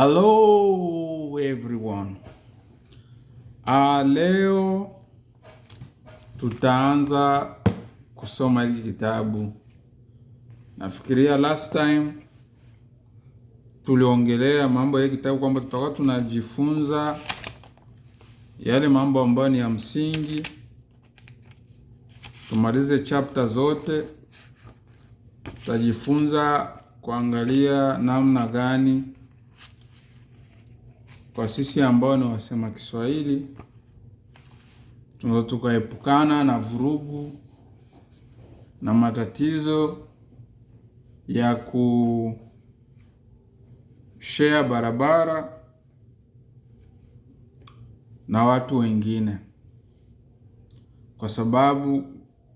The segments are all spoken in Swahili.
Hello everyone. Ah, leo tutaanza kusoma hiki kitabu. Nafikiria last time tuliongelea mambo ya kitabu kwamba tutakuwa tunajifunza yale mambo ambayo ni ya msingi, tumalize chapter zote, tutajifunza kuangalia namna gani kwa sisi ambao ni wasema Kiswahili tunaweza tukaepukana na vurugu na matatizo ya kushea barabara na watu wengine, kwa sababu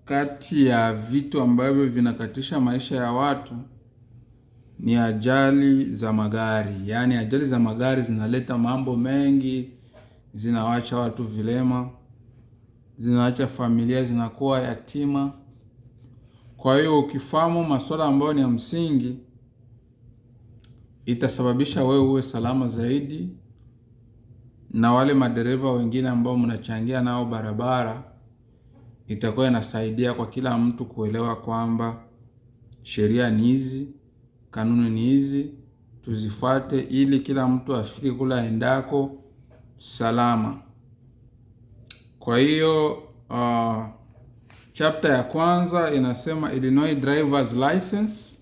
kati ya vitu ambavyo vinakatisha maisha ya watu ni ajali za magari. Yaani ajali za magari zinaleta mambo mengi, zinawacha watu vilema, zinaacha familia zinakuwa yatima. Kwa hiyo ukifahamu masuala ambayo ni ya msingi, itasababisha wewe uwe salama zaidi, na wale madereva wengine ambao mnachangia nao barabara, itakuwa inasaidia kwa kila mtu kuelewa kwamba sheria ni hizi Kanuni ni hizi, tuzifuate ili kila mtu afike kula endako salama. Kwa hiyo uh, chapter ya kwanza inasema Illinois drivers license.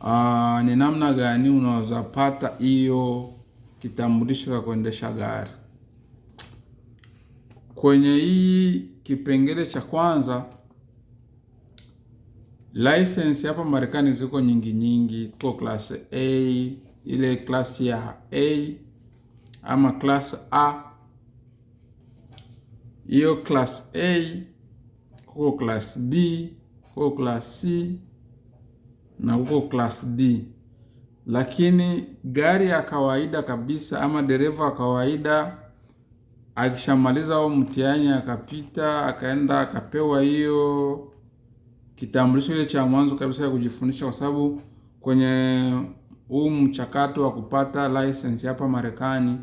Uh, ni namna gani unaweza pata hiyo kitambulisho cha kuendesha gari. Kwenye hii kipengele cha kwanza License hapa Marekani ziko nyingi nyingi, kuko class A, ile class ya A ama class A. Hiyo class A kuko class B, kuko class C na kuko class D. Lakini gari ya kawaida kabisa ama dereva wa kawaida akishamaliza huo mtihani akapita, akaenda akapewa hiyo kitambulisho ile cha mwanzo kabisa ya kujifundisha, kwa sababu kwenye huu mchakato wa kupata license hapa Marekani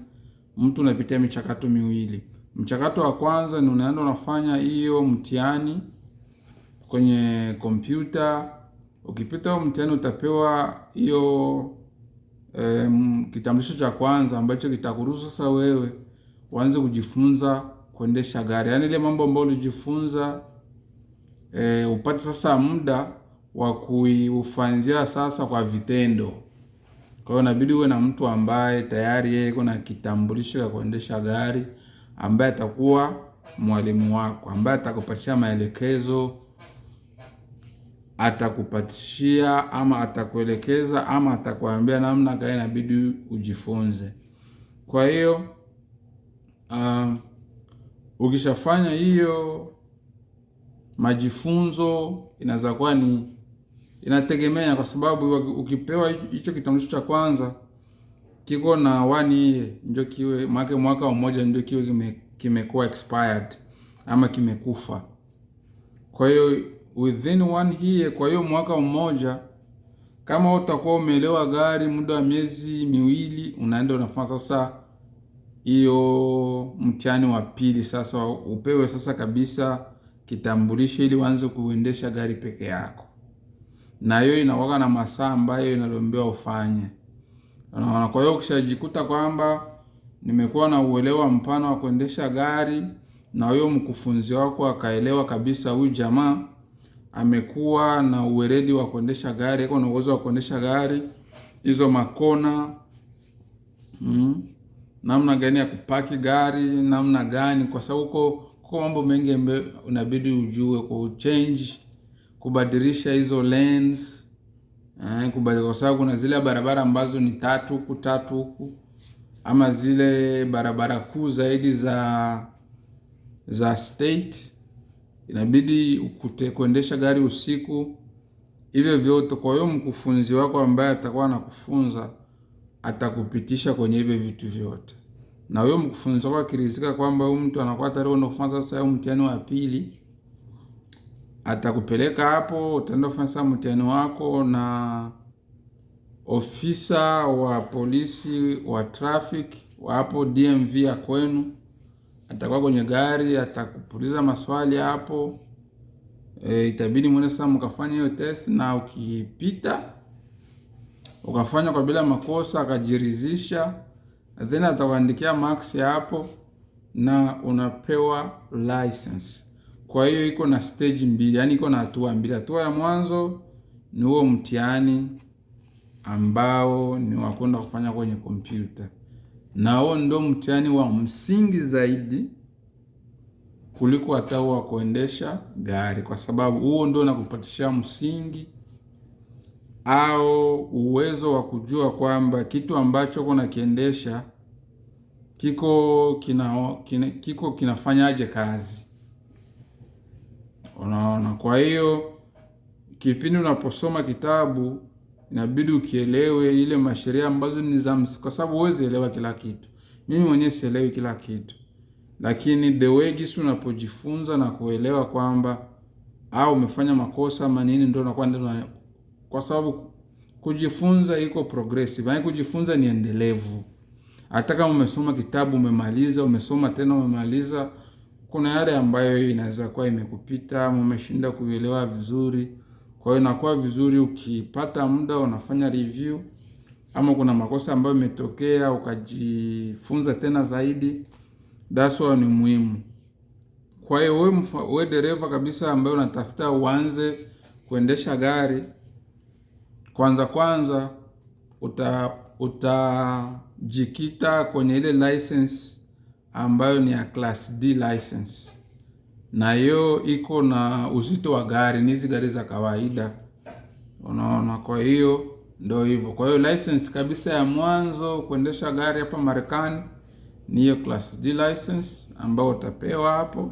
mtu unapitia michakato miwili. Mchakato wa kwanza ni unaenda unafanya hiyo mtihani kwenye kompyuta. Ukipita huo mtihani utapewa hiyo e, kitambulisho cha kwanza ambacho kitakuruhusu sasa wewe uanze kujifunza kuendesha gari, yaani ile mambo ambayo ulijifunza e, upate sasa muda wa kuifanzia sasa kwa vitendo. Kwa hiyo inabidi uwe na mtu ambaye tayari yeye iko na kitambulisho cha kuendesha gari, ambaye atakuwa mwalimu wako, ambaye atakupatia maelekezo, atakupatishia ama atakuelekeza ama atakuambia namna gani inabidi ujifunze. Kwa hiyo um, ukishafanya hiyo majifunzo inaweza kuwa ni inategemea, kwa sababu ukipewa hicho kitambulisho cha kwanza kiko na wani ndio kiwe make mwaka mmoja ndio kiwe kime, expired ama kimekufa. Kwa hiyo within one year, kwa hiyo mwaka mmoja kama utakuwa umeelewa gari muda wa miezi miwili, unaenda unafanya sasa hiyo mtihani wa pili, sasa upewe sasa kabisa kitambulisho ili uanze kuendesha gari peke yako, na hiyo inakuwa na masaa ambayo inalombewa ufanye. Unaona, kwa hiyo ukishajikuta kwamba nimekuwa na uelewa mpana wa kuendesha gari na huyo mkufunzi wako akaelewa kabisa, huyu jamaa amekuwa na uweredi wa kuendesha gari, na uwezo wa kuendesha gari, hizo makona mm, namna gani ya kupaki gari, namna gani, kwa sababu kwa mambo mengi ambayo unabidi ujue kwa change, kubadilisha hizo lanes, eh, kubadilisha kwa sababu kuna zile barabara ambazo ni tatu huku tatu huku ama zile barabara kuu zaidi za za state inabidi ukute kuendesha gari usiku, hivyo vyote. Kwa hiyo mkufunzi wako ambaye atakuwa anakufunza atakupitisha kwenye hivyo vitu vyote na wewe mkufunzi wako akirizika kwamba huyu mtu anakuwa tayari kwenda kufanya sasa au mtihani wa pili, atakupeleka hapo, utaenda kufanya sasa mtihani wako na ofisa wa polisi wa traffic wa hapo DMV ya kwenu, atakuwa kwenye gari, atakupuliza maswali hapo. E, itabidi mwende sasa mkafanya hiyo test, na ukipita ukafanya kwa bila makosa, akajiridhisha then atawaandikia marks hapo na unapewa license. Kwa hiyo iko na stage mbili, yani iko na hatua mbili. Hatua ya mwanzo ni huo mtihani ambao ni wakwenda kufanya kwenye kompyuta, na huo ndio mtihani wa msingi zaidi kuliko hata wa kuendesha gari, kwa sababu huo ndio unakupatishia msingi au uwezo wa kujua kwamba kitu ambacho uko nakiendesha kiko kina, kina, kiko kinafanyaje kazi, unaona. Kwa hiyo kipindi unaposoma kitabu inabidi ukielewe ile masheria ambazo ni za kwa sababu huwezi elewa kila kitu. Mimi mwenyewe sielewi kila kitu, lakini the way gisi unapojifunza na kuelewa kwamba au umefanya makosa ama nini, ndio unakuwa ndio, kwa sababu kujifunza iko progressive, yaani kujifunza ni endelevu. Hata kama umesoma kitabu umemaliza, umesoma tena umemaliza, kuna yale ambayo inaweza kuwa imekupita ama umeshinda kuelewa vizuri. Kwa hiyo inakuwa vizuri ukipata muda unafanya review, ama kuna makosa ambayo imetokea ukajifunza tena zaidi. That's why ni muhimu. Kwa hiyo we, dereva kabisa ambaye unatafuta uanze kuendesha gari, kwanza kwanza uta utajikita kwenye ile license ambayo ni ya class D license, na hiyo iko na uzito wa gari, ni hizi gari za kawaida, unaona. Kwa hiyo ndio hivyo. Kwa hiyo license kabisa ya mwanzo kuendesha gari hapa Marekani ni hiyo class D license ambayo utapewa hapo,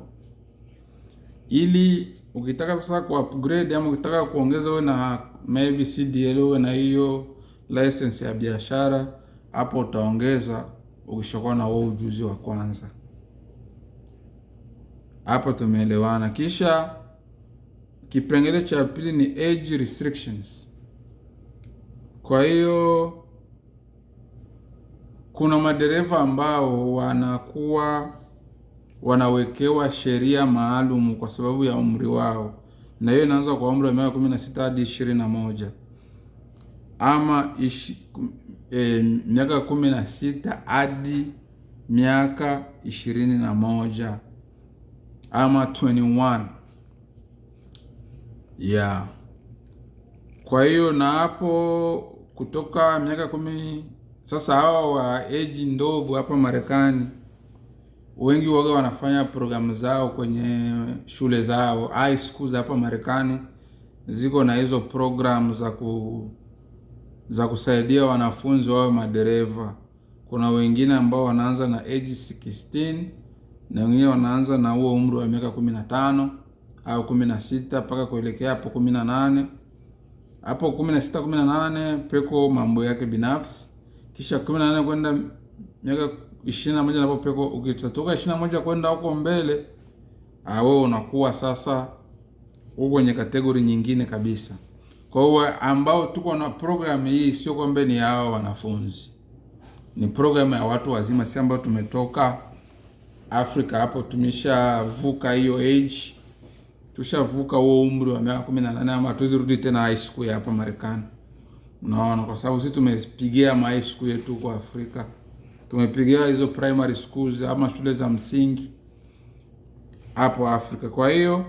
ili ukitaka sasa ku upgrade ama ukitaka kuongeza, wewe na maybe CDL, na hiyo license ya biashara, hapo utaongeza ukishakuwa na huo ujuzi wa kwanza. Hapo tumeelewana. Kisha kipengele cha pili ni age restrictions. Kwa hiyo kuna madereva ambao wanakuwa wanawekewa sheria maalum kwa sababu ya umri wao, na hiyo inaanza kwa umri wa miaka 16 hadi 21 ama ishi, e, miaka kumi na sita hadi miaka ishirini na moja ama 21 yeah. Kwa hiyo na hapo kutoka miaka kumi sasa, hawa wa age ndogo hapa Marekani wengi waga wanafanya programu zao kwenye shule zao high schools hapa Marekani ziko na hizo programu za ku za kusaidia wanafunzi wawe madereva. Kuna wengine ambao wanaanza na age 16 na wengine wanaanza na huo umri wa miaka 15 au 16 mpaka kuelekea hapo 18. Hapo 16 18 peko mambo yake binafsi, kisha 18 kwenda miaka 21, napo peko. Ukitoka 21 kwenda huko mbele, ah, wewe unakuwa sasa huko kwenye kategori nyingine kabisa. Kwa hiyo ambao tuko na program hii, sio kwamba ni hao wanafunzi, ni program ya watu wazima. Sisi ambao tumetoka Afrika hapo, tumeshavuka hiyo age, tushavuka huo umri wa miaka 18, ama tuwezi rudi tena high school ya hapa Marekani. Unaona, kwa sababu sisi tumepigia ma high school yetu kwa Afrika, tumepigia hizo primary schools ama shule za msingi hapo Afrika, kwa hiyo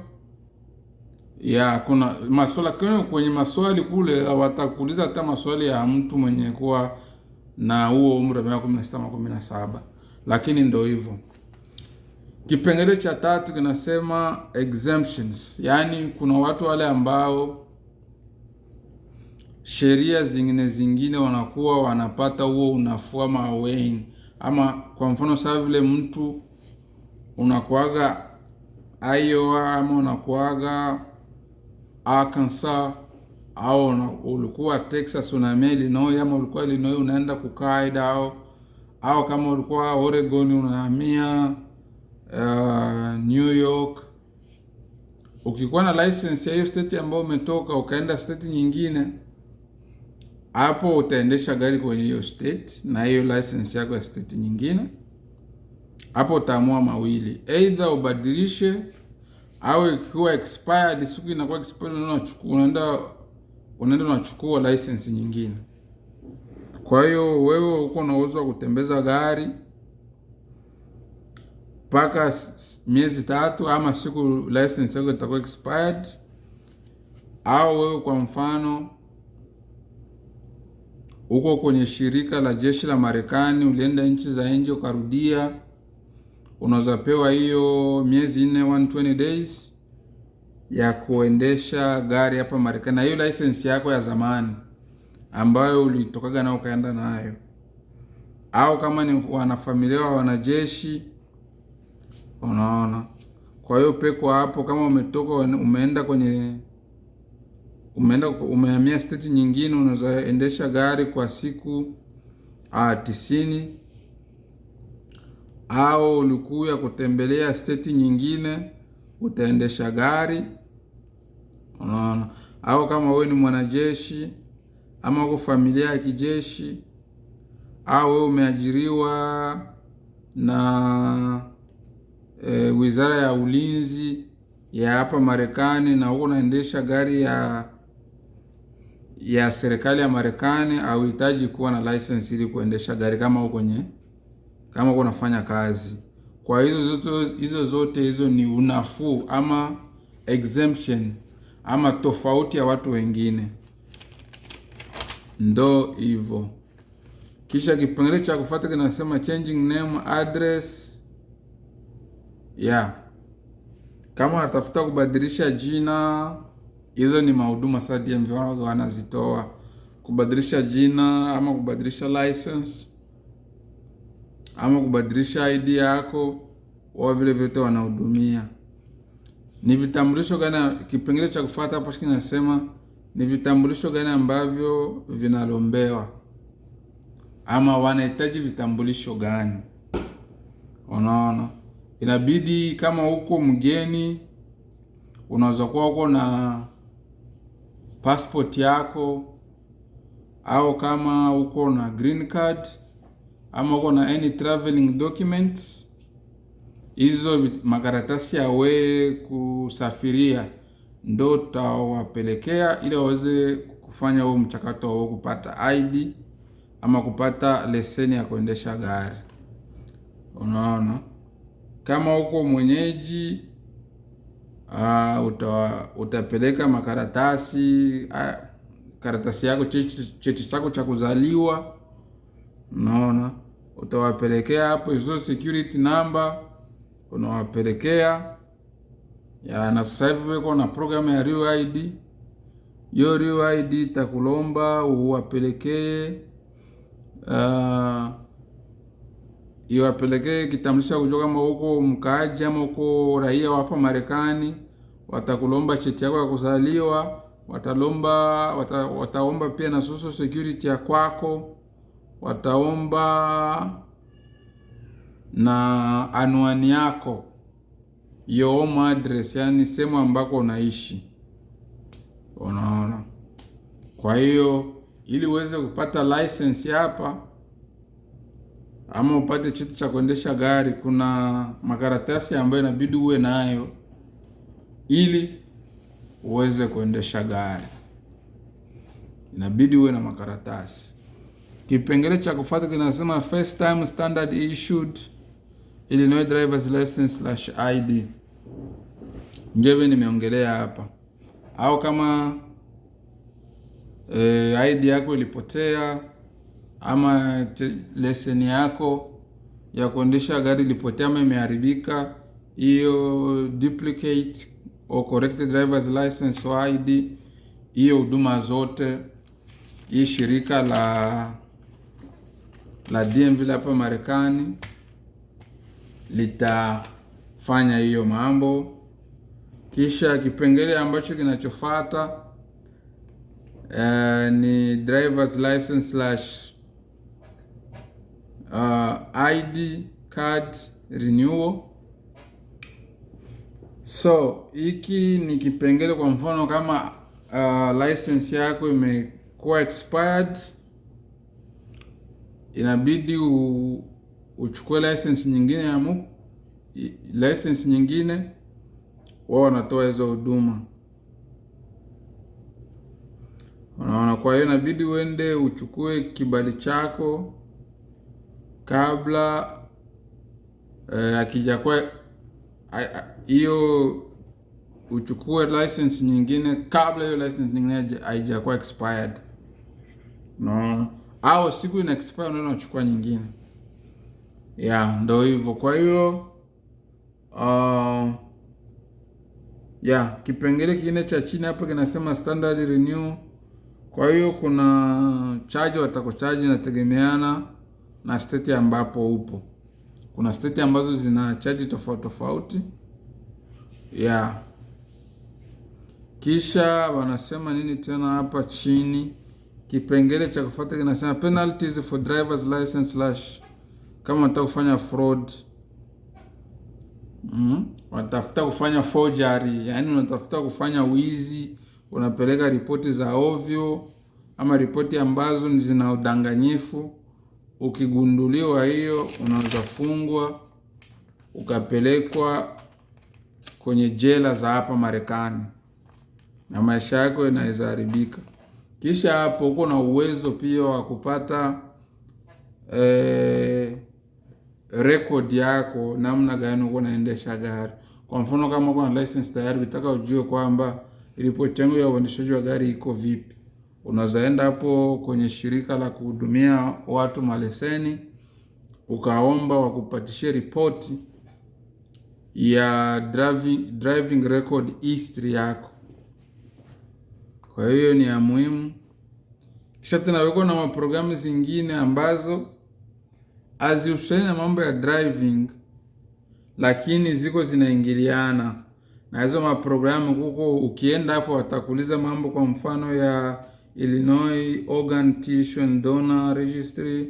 ya kuna maswala kwenye maswali kule watakuuliza hata maswali ya mtu mwenye kuwa na huo umri wa miaka 16 17, lakini ndio hivyo. Kipengele cha tatu kinasema exemptions, yaani kuna watu wale ambao sheria zingine zingine wanakuwa wanapata huo unafua maweni, ama kwa mfano saa vile mtu unakuaga ioa ama unakuaga Arkansas au ulikuwa Texas unahamia Illinois, ama ulikuwa Illinois unaenda kukaa Idaho, au kama ulikuwa Oregon unahamia uh, New York. Ukikuwa na license ya hiyo state ambayo umetoka ukaenda state nyingine, hapo utaendesha gari kwenye hiyo state na hiyo license yako ya state nyingine. Hapo utaamua mawili, either ubadilishe au ikiwa expired, siku inakuwa expired, unaenda unaenda unachukua license nyingine. Kwa hiyo wewe uko na uwezo wa kutembeza gari mpaka miezi tatu ama siku license yako itakuwa expired. Au wewe kwa mfano uko kwenye shirika la jeshi la Marekani, ulienda nchi za nje ukarudia unaweza pewa hiyo miezi nne 120 days ya kuendesha gari hapa Marekani, na hiyo license yako ya zamani ambayo ulitokaga nao ukaenda nayo, au kama ni wanafamilia wa wanajeshi, unaona. Kwa hiyo peko hapo, kama umetoka umeenda kwenye umeenda umehamia state nyingine, unaweza endesha gari kwa siku ah, tisini au ulikuwa kutembelea steti nyingine, utaendesha gari. Unaona, au kama wewe ni mwanajeshi ama uko familia ya kijeshi, au wewe umeajiriwa na e, wizara ya ulinzi ya hapa Marekani na uko unaendesha gari ya ya serikali ya Marekani, auhitaji kuwa na license ili kuendesha gari kama uko kwenye kama uko unafanya kazi. Kwa hizo zote hizo zote hizo ni unafuu ama exemption ama tofauti ya watu wengine, ndo hivyo. Kisha kipengele cha kufuata kinasema changing name address ya yeah. Kama unatafuta kubadilisha jina, hizo ni mahuduma sasa DMV wanazitoa, kubadilisha jina ama kubadilisha license ama kubadilisha ID yako, wao vile vyote wanahudumia. Ni vitambulisho gani? Kipengele cha kufuata hapo kinasema ni vitambulisho gani ambavyo vinalombewa ama wanahitaji vitambulisho gani? Unaona, inabidi kama huko mgeni, unaweza kuwa uko na passport yako, au kama uko na green card ama uko na any traveling documents, hizo makaratasi yawe kusafiria ndo utawapelekea ili waweze kufanya huo mchakato wa kupata ID ama kupata leseni ya kuendesha gari. Unaona, kama uko mwenyeji aa, ah, uta, utapeleka makaratasi aa, ah, karatasi yako, cheti chako cha kuzaliwa. Unaona, utawapelekea hapo hizo security number unawapelekea ya, na sasa hivi weko na program ya id Hiyo ID itakulomba uwapelekee uh, iwapelekee kitambulisho kujua kama uko mkaaji ama uko raia wa hapa Marekani. Watakulomba cheti yako ya kuzaliwa, watalomba wata, wataomba pia na social security ya kwako wataomba na anwani yako your home address, yani sehemu ambako unaishi. Unaona, kwa hiyo ili uweze kupata license hapa ama upate cheti cha kuendesha gari, kuna makaratasi ambayo inabidi uwe nayo ili uweze kuendesha gari, inabidi uwe na makaratasi. Kipengele cha kufuata kinasema first time standard issued e Illinois driver's license/ID. Ndio nimeongelea hapa, au kama e, eh, ID yako ilipotea ama leseni yako ya kuendesha gari ilipotea ama imeharibika, hiyo duplicate or correct driver's license or ID, hiyo huduma zote hii shirika la la DMV hapa Marekani litafanya hiyo mambo. Kisha kipengele ambacho kinachofuata uh, eh, ni drivers license slash uh, eh, ID card renewal. So hiki ni kipengele, kwa mfano kama uh, license yako imekuwa expired inabidi u, uchukue license nyingine ya mu, license nyingine wao wanatoa hizo huduma unaona. Kwa hiyo inabidi uende uchukue kibali chako kabla eh, akijakuwa hiyo uchukue license nyingine kabla hiyo license nyingine haijakuwa expired, unaona au siku ina expire, unaenda unachukua nyingine. Yeah, ndo hivyo. Kwa hiyo uh, yeah, kipengele kingine cha chini hapa kinasema standard renew. Kwa hiyo kuna charge watakochaji inategemeana na state ambapo upo. Kuna state ambazo zina charge tofauti tofauti. Yeah. Kisha wanasema nini tena hapa chini? Kipengele cha kufuata kinasema penalties for driver's license slash, kama unataka kufanya fraud mm, unatafuta kufanya forgery, yani unatafuta kufanya wizi, unapeleka ripoti za ovyo ama ripoti ambazo ni zina udanganyifu. Ukigunduliwa hiyo, unaweza fungwa ukapelekwa kwenye jela za hapa Marekani na maisha yako inaweza haribika. Kisha hapo uko na uwezo pia wa kupata eh, record yako namna gani uko naendesha gari. Kwa mfano kama uko na license tayari, unataka ujue kwamba ripoti yangu ya uendeshaji wa gari iko vipi, unazaenda hapo kwenye shirika la kuhudumia watu maleseni, ukaomba wakupatishie ripoti ya driving, driving record history yako. Kwa hiyo ni ya muhimu. Kisha tena tunawekwa na maprogramu zingine ambazo hazihusiani na mambo ya driving, lakini ziko zinaingiliana na hizo maprogramu. Kuko ukienda hapo watakuuliza mambo, kwa mfano ya Illinois Organ Tissue and Donor Registry,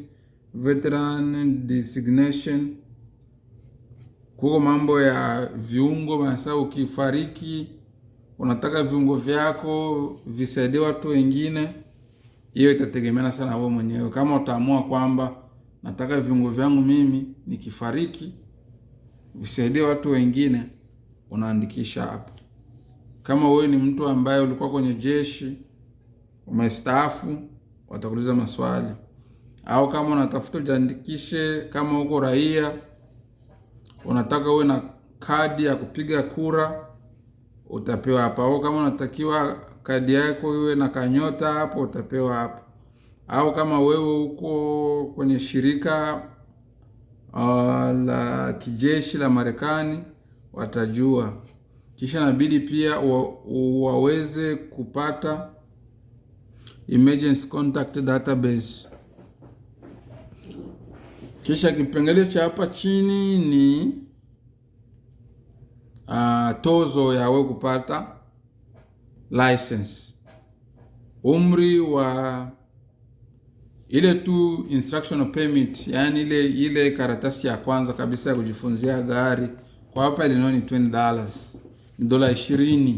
Veteran Designation. Kuko mambo ya viungo, masaa ukifariki unataka viungo vyako visaidie watu wengine, hiyo itategemeana sana wewe mwenyewe. Kama utaamua kwamba nataka viungo vyangu mimi nikifariki visaidie watu wengine, unaandikisha hapo. Kama wewe ni mtu ambaye ulikuwa kwenye jeshi umestaafu, watakuuliza maswali, au kama unatafuta ujiandikishe, kama uko raia unataka uwe na kadi ya kupiga kura utapewa hapa, au kama unatakiwa kadi yako iwe na kanyota hapo, utapewa hapa, au kama wewe uko kwenye shirika uh, la kijeshi la Marekani watajua. Kisha nabidi pia waweze kupata emergency contact database. Kisha kipengele cha hapa chini ni uh, tozo ya wewe kupata license, umri wa ile tu instructional permit, yani ile ile karatasi ya kwanza kabisa ya kujifunzia gari kwa hapa ile ni 20 dollars, ni dola 20.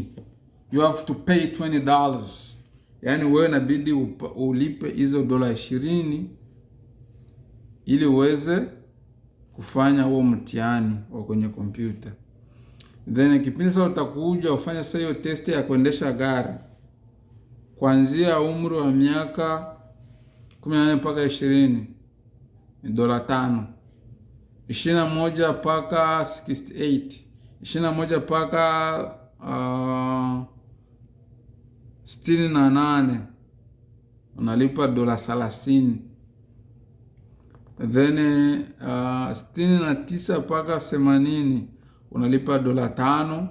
You have to pay 20 dollars, yani wewe inabidi ulipe hizo dola 20 ili uweze kufanya huo mtihani wa kwenye kompyuta then kipindi sasa utakuja ufanya sasa hiyo testi ya kuendesha gari kuanzia umri wa miaka 18 nane mpaka ishirini ni dola tano 21 mpaka 68 ishirini na moja mpaka uh, sitini na nane unalipa dola thelathini then uh, sitini na tisa mpaka themanini unalipa dola tano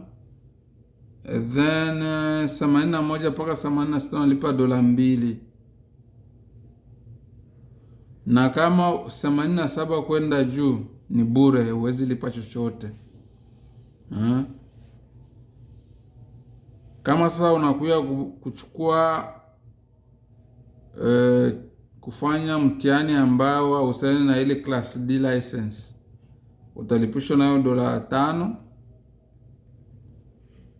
then eh, themanini na moja mpaka themanini na sita unalipa dola mbili na kama themanini na saba kwenda juu ni bure, huwezi lipa chochote ha? Eh? Kama sasa unakuya kuchukua eh, kufanya mtihani ambao hauhusiani na ile class D license utalipishwa nayo dola tano.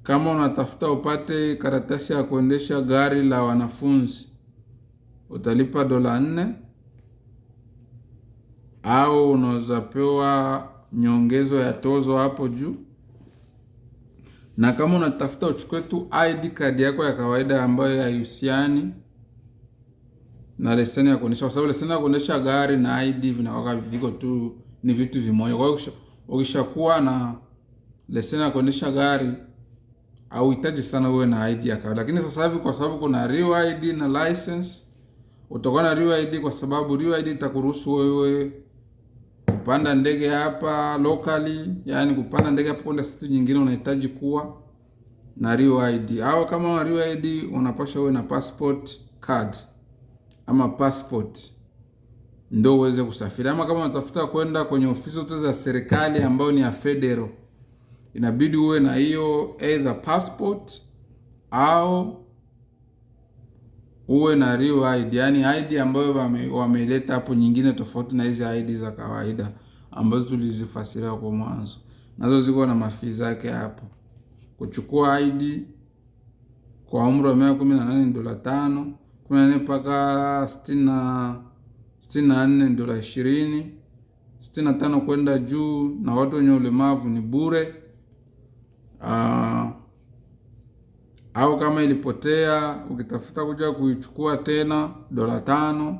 Kama unatafuta upate karatasi ya kuendesha gari la wanafunzi utalipa dola nne, au unaweza pewa nyongezo ya tozo hapo juu. Na kama unatafuta uchukue tu ID card yako ya kawaida ambayo haihusiani na leseni ya kuendesha, kwa sababu leseni ya kuendesha gari na ID vinawaka viko tu ni vitu vimoja. Kwa hiyo ukishakuwa na leseni ya kuendesha gari hitaji sana uwe na ID ya kawaida, lakini sasa hivi kwa sababu kuna real ID na license, utakuwa na real ID kwa sababu real ID itakuruhusu wewe kupanda ndege hapa locally, yani kupanda ndege hapa kwenda situ nyingine, unahitaji kuwa na real ID, au kama real ID unapasha uwe na passport card ama passport ndio uweze kusafiri, ama kama unatafuta kwenda kwenye ofisi zote za serikali ambayo ni ya federal, inabidi uwe na hiyo either passport au uwe na real ID, yani ID ambayo wameleta hapo, nyingine tofauti na hizi ID za kawaida ambazo tulizifasiria kwa mwanzo, nazo ziko na mafii zake hapo. Kuchukua ID kwa umri wa miaka 18 dola 5, 18 mpaka 60 sitini dola ishirini. Sitini tano kwenda juu na watu wenye ulemavu ni bure. Uh, au kama ilipotea ukitafuta kuja kuichukua tena dola tano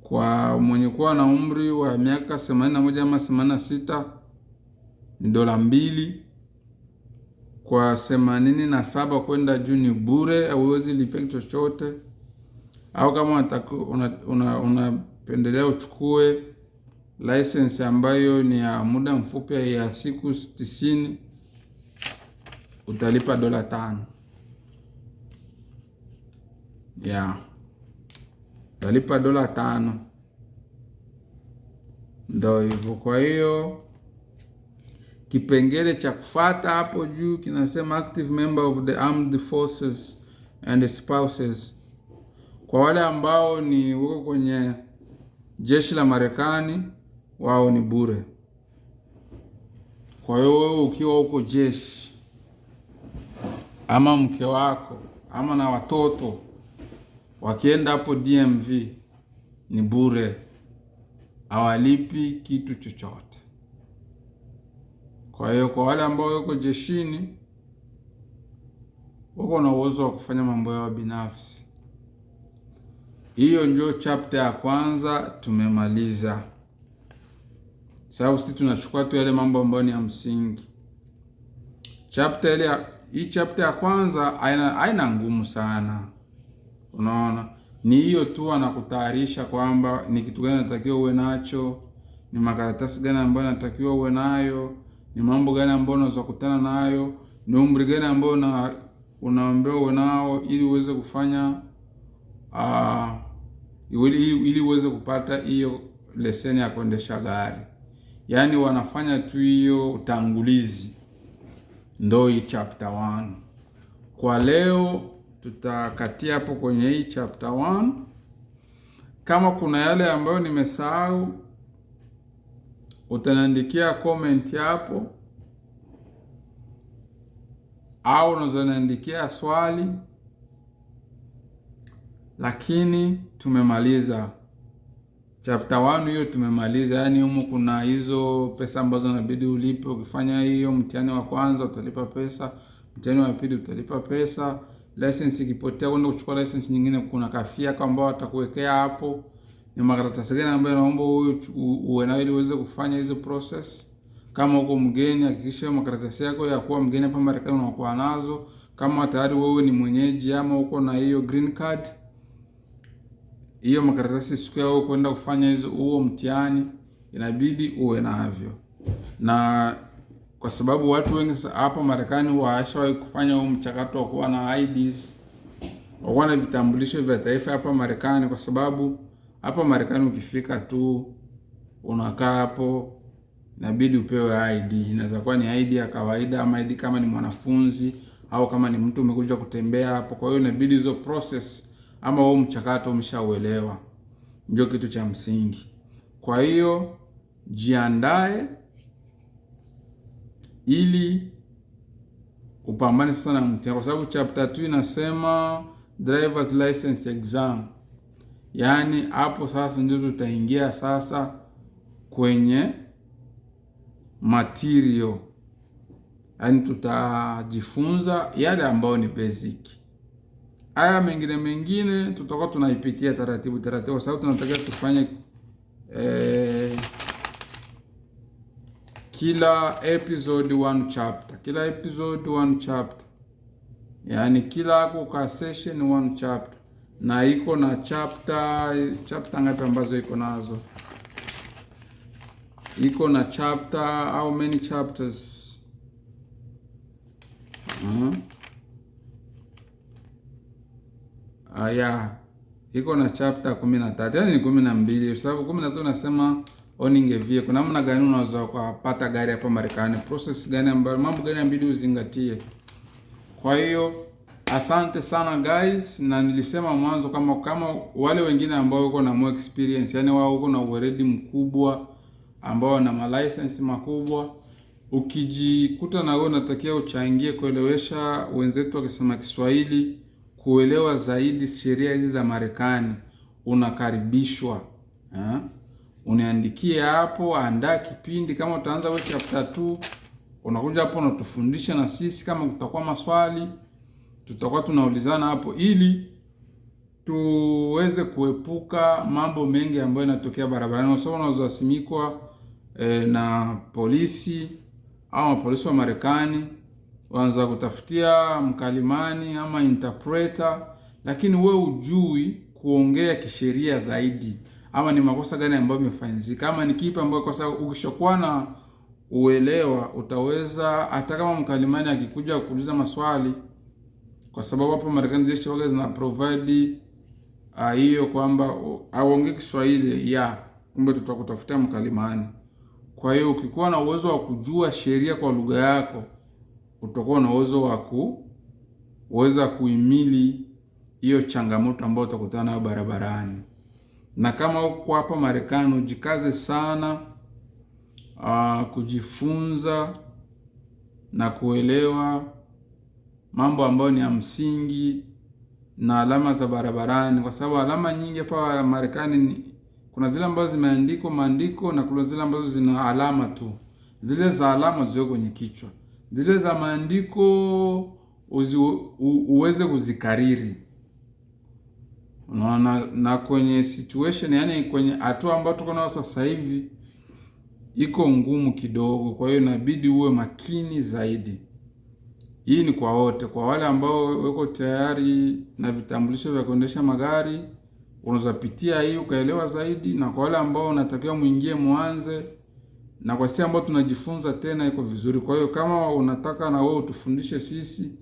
kwa mwenye kuwa na umri wa miaka 81 ama 86 ni dola mbili. Kwa 87 kwenda juu ni bure, hauwezi lipia chochote au kama unapendelea una, una uchukue license ambayo ni ya muda mfupi ya siku tisini utalipa dola tano ya yeah. Utalipa dola tano ndo hivyo. Kwa hiyo kipengele cha kufata hapo juu kinasema active member of the armed forces and spouses kwa wale ambao ni wako kwenye jeshi la Marekani, wao ni bure. Kwa hiyo wewe ukiwa uko jeshi ama mke wako ama na watoto wakienda hapo DMV ni bure, hawalipi kitu chochote. Kwa hiyo kwa wale ambao wako jeshini wako na uwezo wa kufanya mambo yao binafsi. Hiyo ndio chapter ya kwanza tumemaliza. Sababu sisi tunachukua tu yale mambo ambayo ni ya msingi. Chapter ile hii chapter ya kwanza haina haina ngumu sana. Unaona? Ni hiyo tu anakutayarisha kwamba ni kitu gani natakiwa uwe nacho, ni makaratasi gani ambayo natakiwa uwe nayo, ni mambo gani ambayo unaweza kukutana nayo, ni umri gani ambao una unaambiwa uwe nao ili uweze kufanya uh, ili, ili uweze kupata hiyo leseni ya kuendesha gari. Yaani wanafanya tu hiyo utangulizi, ndo hii chapter 1. Kwa leo tutakatia hapo kwenye hii chapter 1. Kama kuna yale ambayo nimesahau, utaniandikia comment hapo, au unaweza niandikia swali lakini tumemaliza chapter 1 hiyo tumemaliza. Yaani humo kuna hizo pesa ambazo inabidi ulipe. Ukifanya hiyo mtihani wa kwanza utalipa pesa, mtihani wa pili utalipa pesa, license ikipotea kwenda kuchukua license nyingine, kuna kafia kwa ambao watakuwekea hapo. Ni makaratasi gani ambayo naomba uwe nayo ili uweze kufanya hizo process. Kama uko mgeni, hakikisha makaratasi yako ya kuwa mgeni hapa Marekani unakuwa nazo. Kama tayari wewe ni mwenyeji ama uko na hiyo green card hiyo makaratasi siku yao kwenda kufanya hizo huo mtihani inabidi uwe navyo, na kwa sababu watu wengi hapa Marekani waashawahi kufanya huu mchakato wa kuwa na IDs, wakuwa na vitambulisho vya taifa hapa Marekani, kwa sababu hapa Marekani ukifika tu unakaa hapo, inabidi upewe ID. Inaweza kuwa ni ID ya kawaida ama ID kama ni mwanafunzi au kama ni mtu umekuja kutembea hapo. Kwa hiyo inabidi hizo process ama huu mchakato umeshauelewa, ndio kitu cha msingi. Kwa hiyo jiandae ili upambane sasa na mtihani, kwa sababu chapter 2 inasema drivers license exam. Yaani hapo sasa ndio tutaingia sasa kwenye material, yaani tutajifunza yale ambayo ni basic. Haya mengine mengine tutakuwa tunaipitia taratibu taratibu, kwa sababu tunataka tufanye eh, kila episode one chapter, kila episode one chapter, yaani kila ka session one chapter, na iko na chapter chapter ngapi ambazo iko nazo? Iko na chapter how many chapters? uh hmm? -huh. aya iko na chapter 13 yani ni 12 sababu 13 nasema owning a vehicle, kuna namna gani unaweza kupata gari hapa Marekani, process gani ambayo, mambo gani ambili uzingatie. Kwa hiyo asante sana guys, na nilisema mwanzo kama kama wale wengine ambao uko na more experience, yani wao uko na uredi mkubwa ambao wana ma license makubwa ukijikuta na wewe unatakiwa uchangie kuelewesha wenzetu wakisema Kiswahili kuelewa zaidi sheria hizi za Marekani, unakaribishwa ha? Uniandikie hapo, andaa kipindi kama utaanza wiki chapter 2 unakuja hapo unatufundisha, na sisi kama kutakuwa maswali tutakuwa tunaulizana hapo, ili tuweze kuepuka mambo mengi ambayo yanatokea barabarani, wasoma wanazosimikwa eh, na polisi au mapolisi wa Marekani wanza kutafutia mkalimani ama interpreter, lakini we ujui kuongea kisheria zaidi, ama ni makosa gani ambayo imefanyika, ama ni kipi ambayo sababu Ukishakuwa na uelewa, utaweza hata kama mkalimani akikuja kuuliza maswali, kwa sababu hapo Marekani jeshi waga zina provide ah, hiyo kwamba aongee Kiswahili ya kumbe, tutakutafutia mkalimani. Kwa hiyo ukikuwa na uwezo wa kujua sheria kwa lugha yako utakuwa na uwezo wa kuweza kuhimili hiyo changamoto ambayo utakutana nayo barabarani. Na kama uko hapa Marekani, ujikaze sana aa, ah, kujifunza na kuelewa mambo ambayo ni ya msingi na alama za barabarani, kwa sababu alama nyingi hapa Marekani kuna zile ambazo zimeandikwa maandiko na kuna zile ambazo zina alama tu. Zile za alama zio kwenye kichwa zile za maandiko uzi, u, uweze kuzikariri unaona, na kwenye situation yani kwenye hatua ambayo tuko nayo sasa hivi iko ngumu kidogo, kwa hiyo inabidi uwe makini zaidi. Hii ni kwa wote, kwa wale ambao wako tayari na vitambulisho vya kuendesha magari, unaweza pitia hii ukaelewa zaidi, na kwa wale ambao unatakiwa mwingie mwanze na kwa sisi ambao tunajifunza tena iko vizuri. Kwa hiyo kama unataka na wewe utufundishe sisi